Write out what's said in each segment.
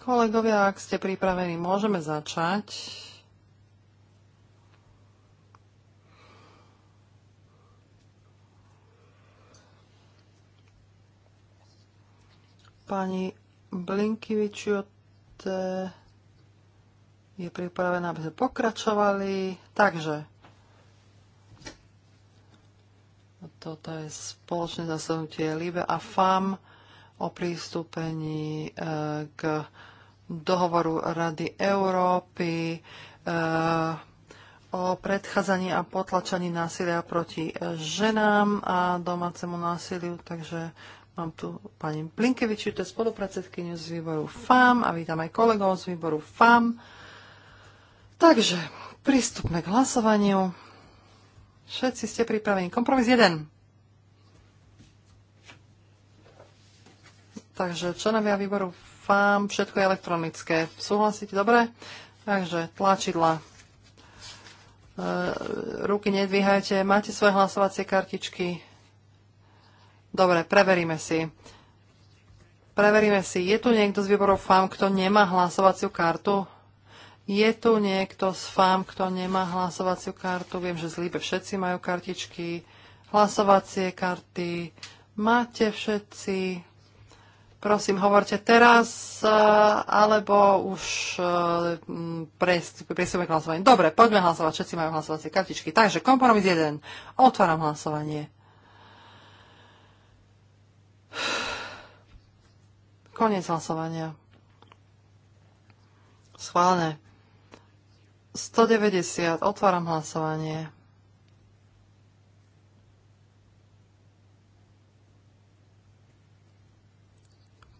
Kolegovia, ak ste pripravení, môžeme začať. Pani Blinkivičiute je pripravená, aby sme pokračovali. Takže, toto je spoločné zasadnutie LIBE a FAM o prístupení e, k dohovoru Rady Európy e, o predchádzaní a potlačaní násilia proti e, ženám a domácemu násiliu. Takže mám tu pani Plinkeviči, to je spolupredsedkyňu z výboru FAM a vítam aj kolegov z výboru FAM. Takže prístupme k hlasovaniu. Všetci ste pripravení. Kompromis 1. Takže členovia výboru FAM, všetko je elektronické. Súhlasíte? Dobre? Takže tlačidla. E, ruky nedvíhajte. Máte svoje hlasovacie kartičky? Dobre, preveríme si. Preveríme si, je tu niekto z výborov FAM, kto nemá hlasovaciu kartu? Je tu niekto z FAM, kto nemá hlasovaciu kartu? Viem, že z Líbe všetci majú kartičky, hlasovacie karty. Máte všetci? Prosím, hovorte teraz, e, alebo už e, prestúpime k hlasovaniu. Dobre, poďme hlasovať, všetci majú hlasovacie kartičky. Takže kompromis 1. Otváram hlasovanie. Koniec hlasovania. Schválne. 190. Otváram hlasovanie.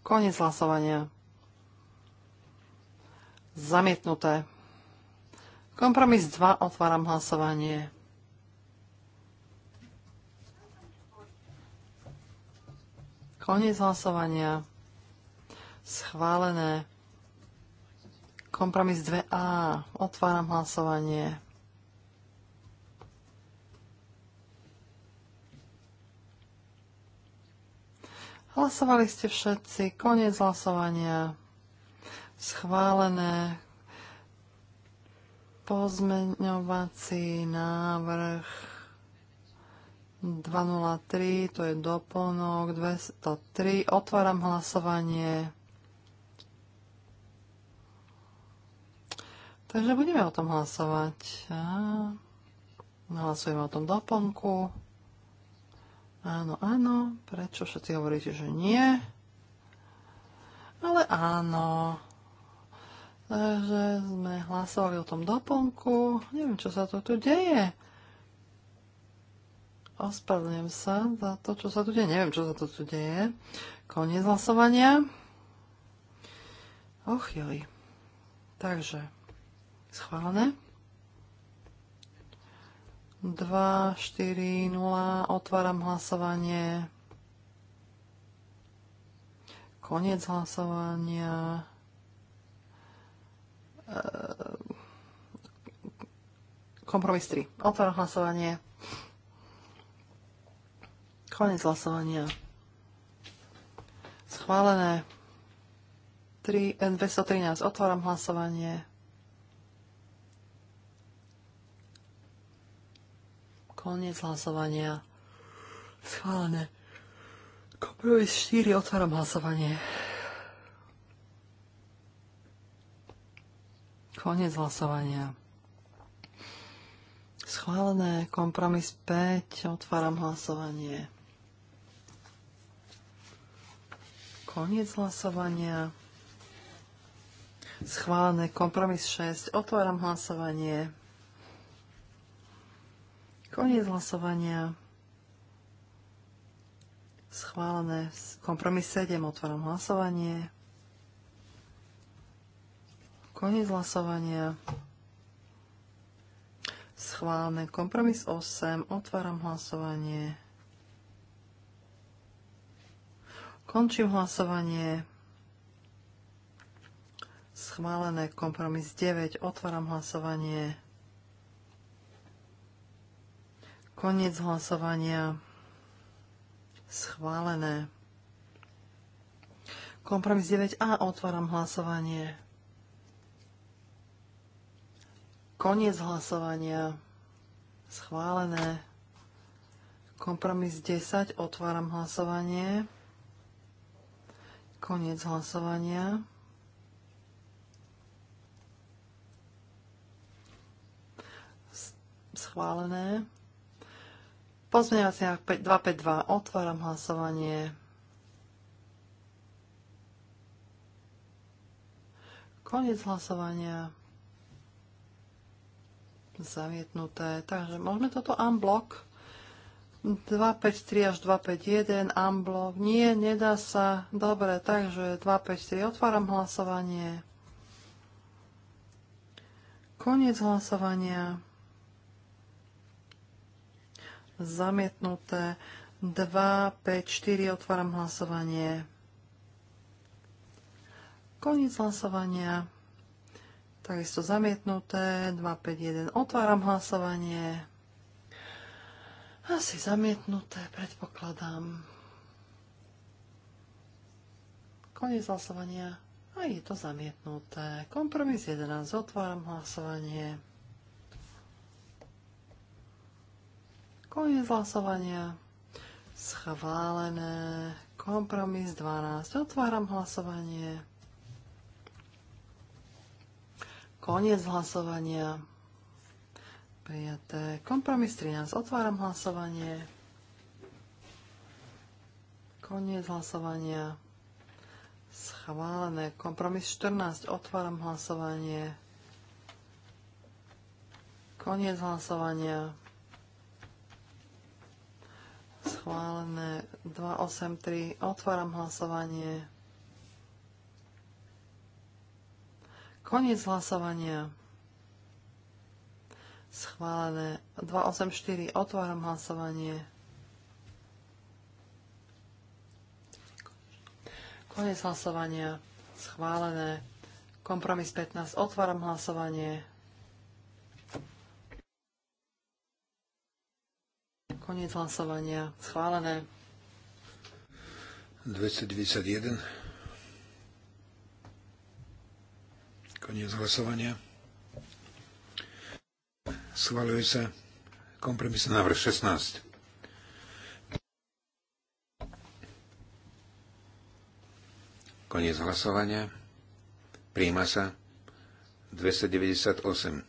Koniec hlasovania. Zamietnuté. Kompromis 2. Otváram hlasovanie. Koniec hlasovania. Schválené. Kompromis 2A. Otváram hlasovanie. Hlasovali ste všetci. Koniec hlasovania. Schválené pozmeňovací návrh 203, to je doplnok 203. Otváram hlasovanie. Takže budeme o tom hlasovať. Hlasujeme o tom doplnku. Áno, áno. Prečo všetci hovoríte, že nie? Ale áno. Takže sme hlasovali o tom doplnku. Neviem, čo sa to tu deje. Ospravedlňujem sa za to, čo sa tu deje. Neviem, čo sa to tu deje. Koniec hlasovania. Och, joj. Takže, schválené. 2, 4, 0. Otváram hlasovanie. Koniec hlasovania. E, kompromis 3. Otváram hlasovanie. Koniec hlasovania. Schválené. 3, 213. Otváram hlasovanie. Koniec hlasovania. Schválené. Kompromis 4. Otváram hlasovanie. Koniec hlasovania. Schválené. Kompromis 5. Otváram hlasovanie. Koniec hlasovania. Schválené. Kompromis 6. Otváram hlasovanie. Koniec hlasovania. Schválené. Kompromis 7. Otváram hlasovanie. Koniec hlasovania. Schválené. Kompromis 8. Otváram hlasovanie. Končím hlasovanie. Schválené. Kompromis 9. Otváram hlasovanie. Koniec hlasovania. Schválené. Kompromis 9a. Otváram hlasovanie. Koniec hlasovania. Schválené. Kompromis 10. Otváram hlasovanie. Koniec hlasovania. Schválené. Pozmeňovací návrh 252. Otváram hlasovanie. Koniec hlasovania. Zamietnuté. Takže môžeme toto unblock. 253 až 251 unblock. Nie, nedá sa. Dobre, takže 253. Otváram hlasovanie. Koniec hlasovania zamietnuté. 2, 5, 4, otváram hlasovanie. Koniec hlasovania. Takisto zamietnuté. 2, 5, 1, otváram hlasovanie. Asi zamietnuté, predpokladám. Koniec hlasovania. A je to zamietnuté. Kompromis 11. Otváram hlasovanie. Koniec hlasovania. Schválené. Kompromis 12. Otváram hlasovanie. Koniec hlasovania. Prijaté. Kompromis 13. Otváram hlasovanie. Koniec hlasovania. Schválené. Kompromis 14. Otváram hlasovanie. Koniec hlasovania schválené. 283. Otváram hlasovanie. Koniec hlasovania. Schválené. 284. Otváram hlasovanie. Koniec hlasovania. Schválené. Kompromis 15. Otváram hlasovanie. Koniec hlasovania. Schválené. 291. Koniec hlasovania. Schváľuje sa kompromisný návrh 16. Koniec hlasovania. Príjma sa 298.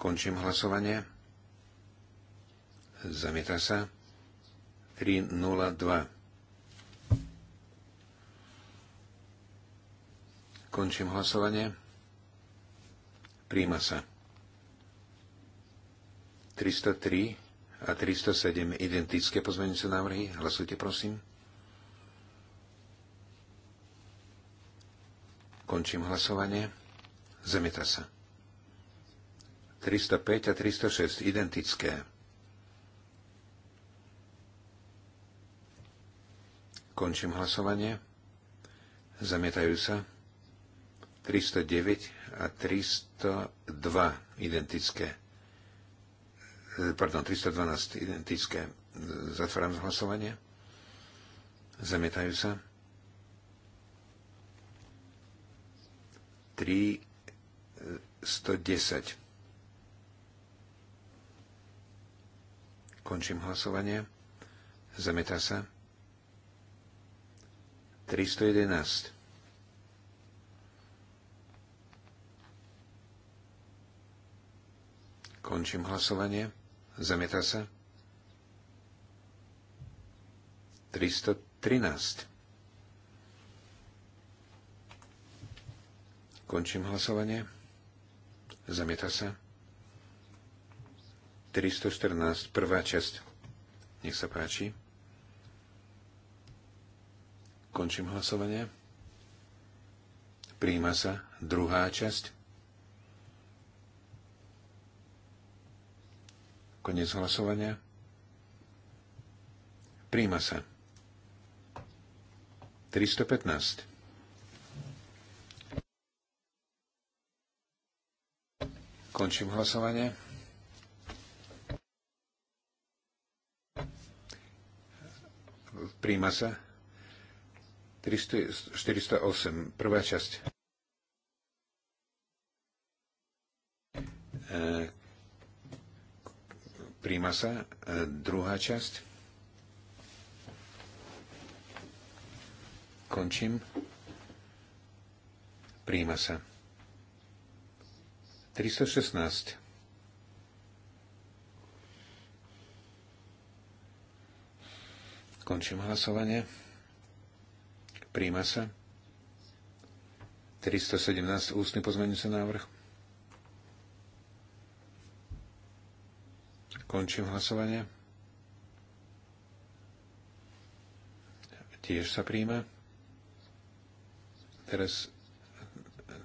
Končím hlasovanie. Zamieta sa. 302. Končím hlasovanie. Príjma sa. 303 a 307 identické pozmeňujúce návrhy. Hlasujte, prosím. Končím hlasovanie. Zamieta sa. 305 a 306 identické. Končím hlasovanie. Zamietajú sa. 309 a 302 identické. Pardon, 312 identické. Zatváram hlasovanie. Zamietajú sa. 3 110 Končím hlasovanie. Zamieta sa. 311. Končím hlasovanie. Zamieta sa. 313. Končím hlasovanie. Zamieta sa. 314, prvá časť. Nech sa páči. Končím hlasovanie. Príjma sa druhá časť. Konec hlasovania. Príjma sa. 315. Končím hlasovanie. Príjma sa. 408. Prvá časť. E, príjma sa. E, druhá časť. Končím. Príjma sa. 316. Končím hlasovanie. Príjma sa. 317 ústny pozmeňujúci návrh. Končím hlasovanie. Tiež sa príjma. Teraz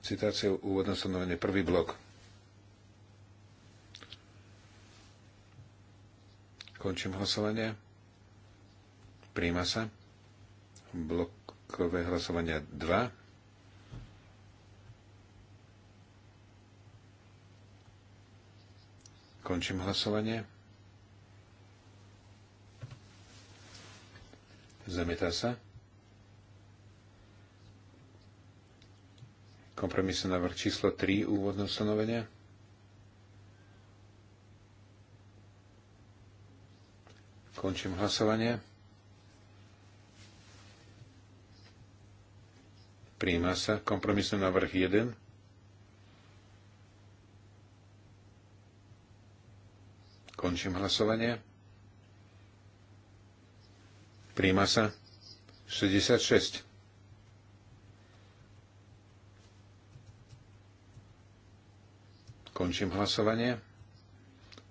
citácia úvodná stanovenie. Prvý blok. Končím hlasovanie. Príjma sa. Blokové hlasovania 2. Končím hlasovanie. Zamietá sa. Kompromisný návrh číslo 3 úvodné ustanovenia. Končím hlasovanie. Príjma sa. Kompromisný návrh 1. Končím hlasovanie. Príjma sa 66. Končím hlasovanie.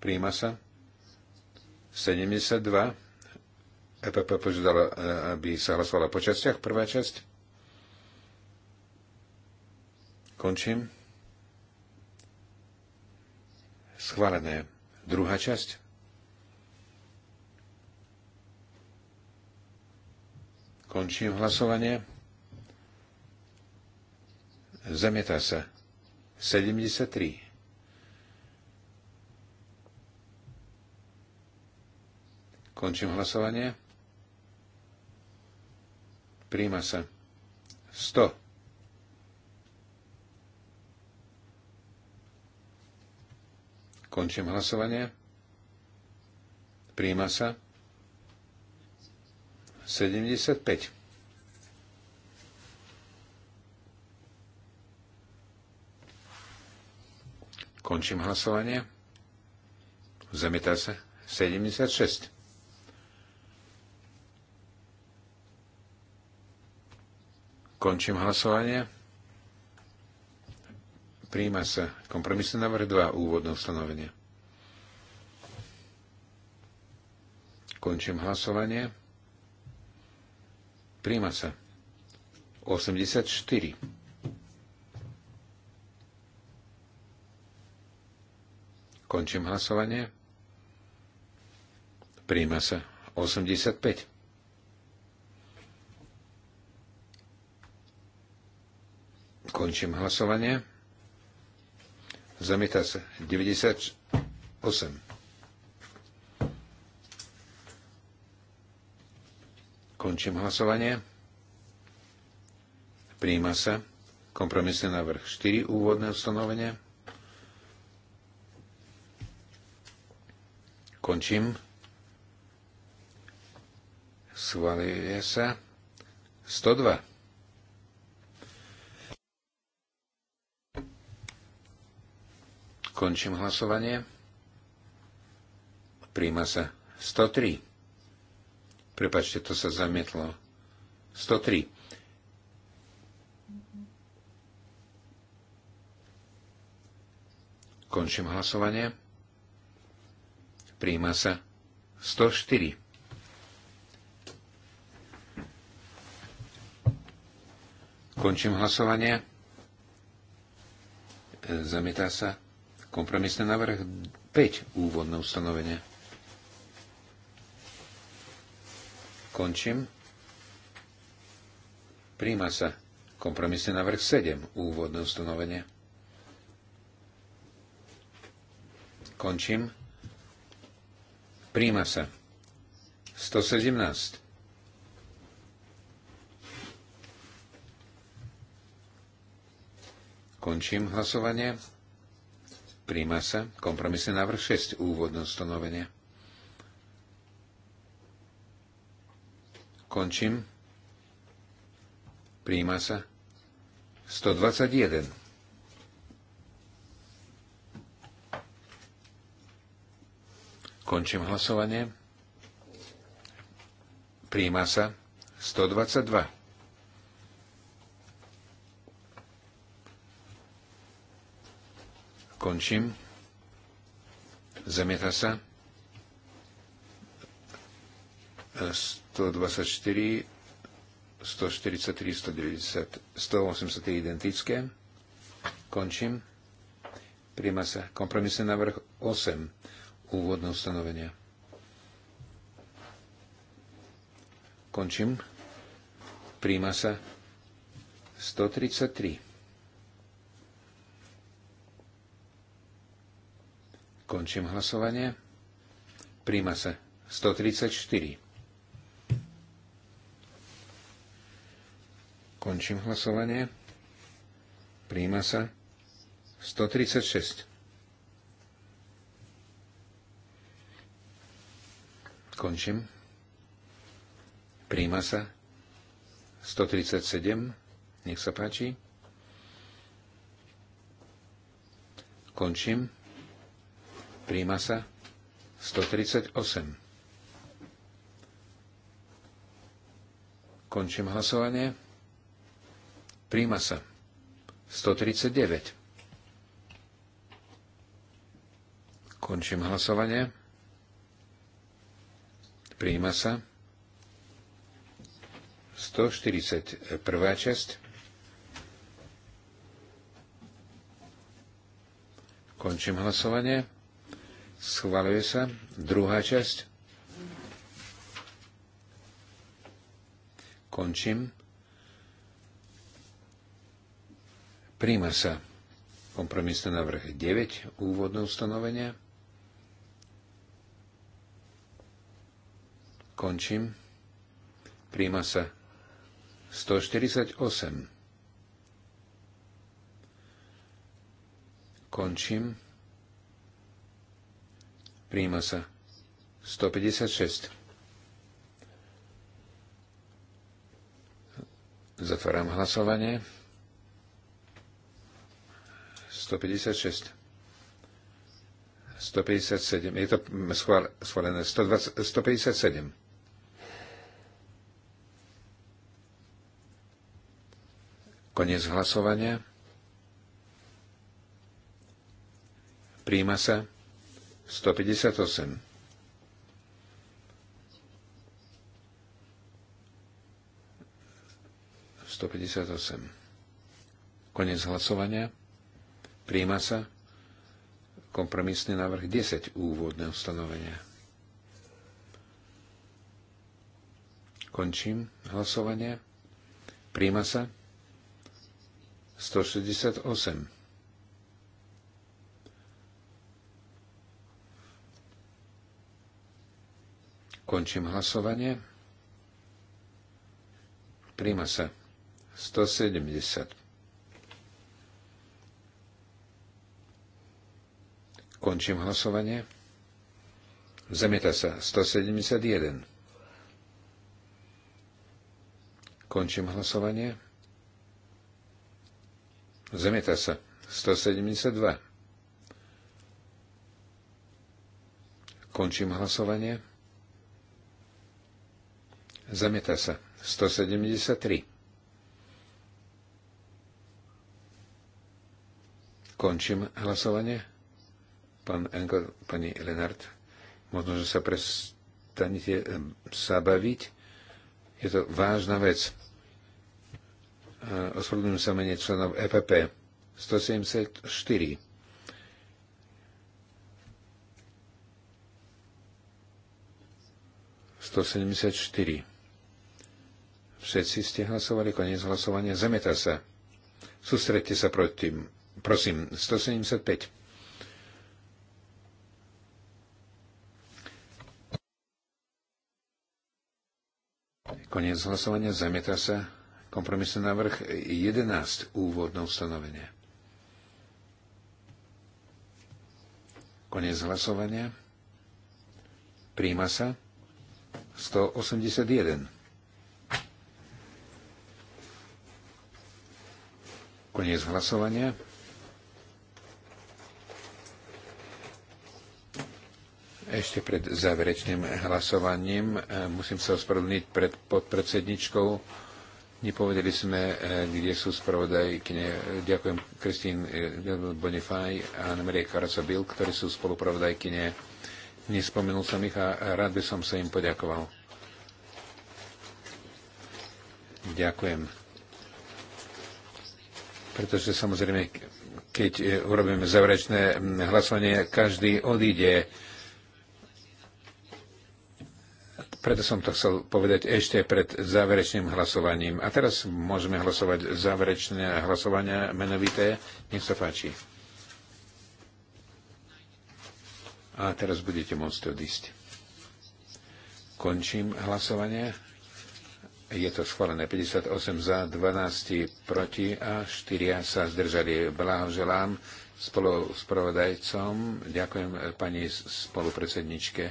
Príjma sa 72. EPP požiadala, e, aby sa hlasovala po častiach. Prvá časť. Končím. Schválené. Druhá časť. Končím hlasovanie. Zamieta sa. 73. Končím hlasovanie. Príjma sa. 100. Končím hlasovanie. Príjma sa. 75. Končím hlasovanie. Zamietá sa. 76. Končím hlasovanie. Príjima sa kompromisný návrh 2, úvodné ustanovenie. Končím hlasovanie. Príjima sa 84. Končím hlasovanie. Príjima sa 85. Končím hlasovanie. Zamieta sa. 98. Končím hlasovanie. Príjma sa. Kompromisný návrh 4. Úvodné ustanovenie. Končím. Svalie sa. 102. Končím hlasovanie. Príjma sa 103. Prepačte, to sa zamietlo. 103. Končím hlasovanie. Príjma sa 104. Končím hlasovanie. Zamietá sa Kompromisný návrh 5. Úvodné ustanovenie. Končím. Príjma sa kompromisný návrh 7. Úvodné ustanovenie. Končím. Príjma sa. 117. Končím hlasovanie. Príjma sa kompromisný návrh 6, úvodné stanovenie. Končím. Príjma sa 121. Končím hlasovanie. Príjma sa 122. Končím. Zamieta sa. 124, 143, 190, 183 identické. Končím. Príjma sa kompromisný návrh 8 úvodné ustanovenia. Končím. Príjma sa 133. Končím hlasovanie. Príjma sa 134. Končím hlasovanie. Príjma sa 136. Končím. Príjma sa 137. Nech sa páči. Končím. Príjma sa 138. Končím hlasovanie. Príjma sa 139. Končím hlasovanie. Príjma sa 141. časť. Končím hlasovanie. Schvaluje sa. Druhá časť. Končím. Príjma sa kompromisné návrh 9 úvodné ustanovenia. Končím. Príjma sa 148. Končím. Príjma sa. 156. Zatváram hlasovanie. 156. 157. Je to schválené. 120, 157. Konec hlasovania. Príjma sa. 158. Konec hlasovania. Príjma sa kompromisný návrh 10 úvodného stanovenia. Končím hlasovanie. Príjma sa 168. Končím hlasovanie. Príjma sa 170. Končím hlasovanie. Zamieta sa 171. Končím hlasovanie. Zamieta sa 172. Končím hlasovanie. Zamieta sa. 173. Končím hlasovanie. Pán Engel, pani Lenard, možno, že sa prestanete eh, sa baviť. Je to vážna vec. Eh, ospravedlňujem sa menej členov EPP. 174. Сто семьдесят четыре. Všetci ste hlasovali, koniec hlasovania, zameta sa. Sústredte sa proti, prosím, 175. Koniec hlasovania, zameta sa. Kompromisný návrh 11, úvodné ustanovenie. Koniec hlasovania. Príjma sa. 181. Koniec hlasovania. Ešte pred záverečným hlasovaním e, musím sa ospravedlniť pred podpredsedničkou. Nepovedali sme, e, kde sú spravodajkyne. Ďakujem Kristín e, Bonifaj a Anne-Marie ktorí sú spolupravodajkyne. Nespomenul som ich a rád by som sa im poďakoval. Ďakujem pretože samozrejme, keď eh, urobíme záverečné mm, hlasovanie, každý odíde. Preto som to chcel povedať ešte pred záverečným hlasovaním. A teraz môžeme hlasovať záverečné hlasovania menovité. Nech sa páči. A teraz budete môcť odísť. Končím hlasovanie. Je to schválené 58 za, 12 proti a 4 sa zdržali. Blahoželám spolu s provodajcom. Ďakujem eh, pani spolupredsedničke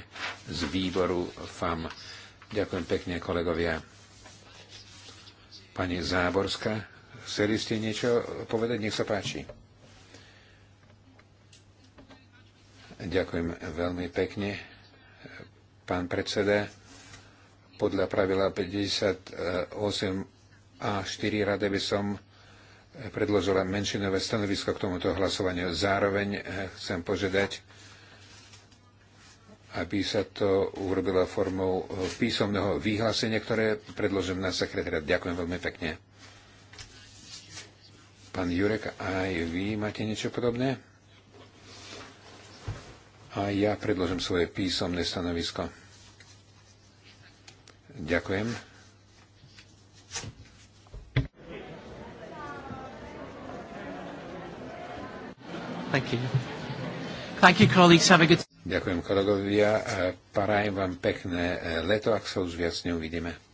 z výboru FAM. Ďakujem pekne kolegovia. Pani Záborská, chceli ste niečo povedať? Nech sa páči. Ďakujem veľmi pekne, eh, pán predseda podľa pravila 58 a 4 rade by som predložila menšinové stanovisko k tomuto hlasovaniu. Zároveň eh, chcem požiadať, aby sa to urobilo formou eh, písomného vyhlásenia, ktoré predložím na sekretariat. Ďakujem veľmi pekne. Pán Jurek, aj vy máte niečo podobné? A ja predložím svoje písomné stanovisko. Ďakujem. Thank you. Thank you, colleagues. Have a good... Ďakujem kolegovia. Parajem vám pekné leto, ak sa už viac neuvidíme.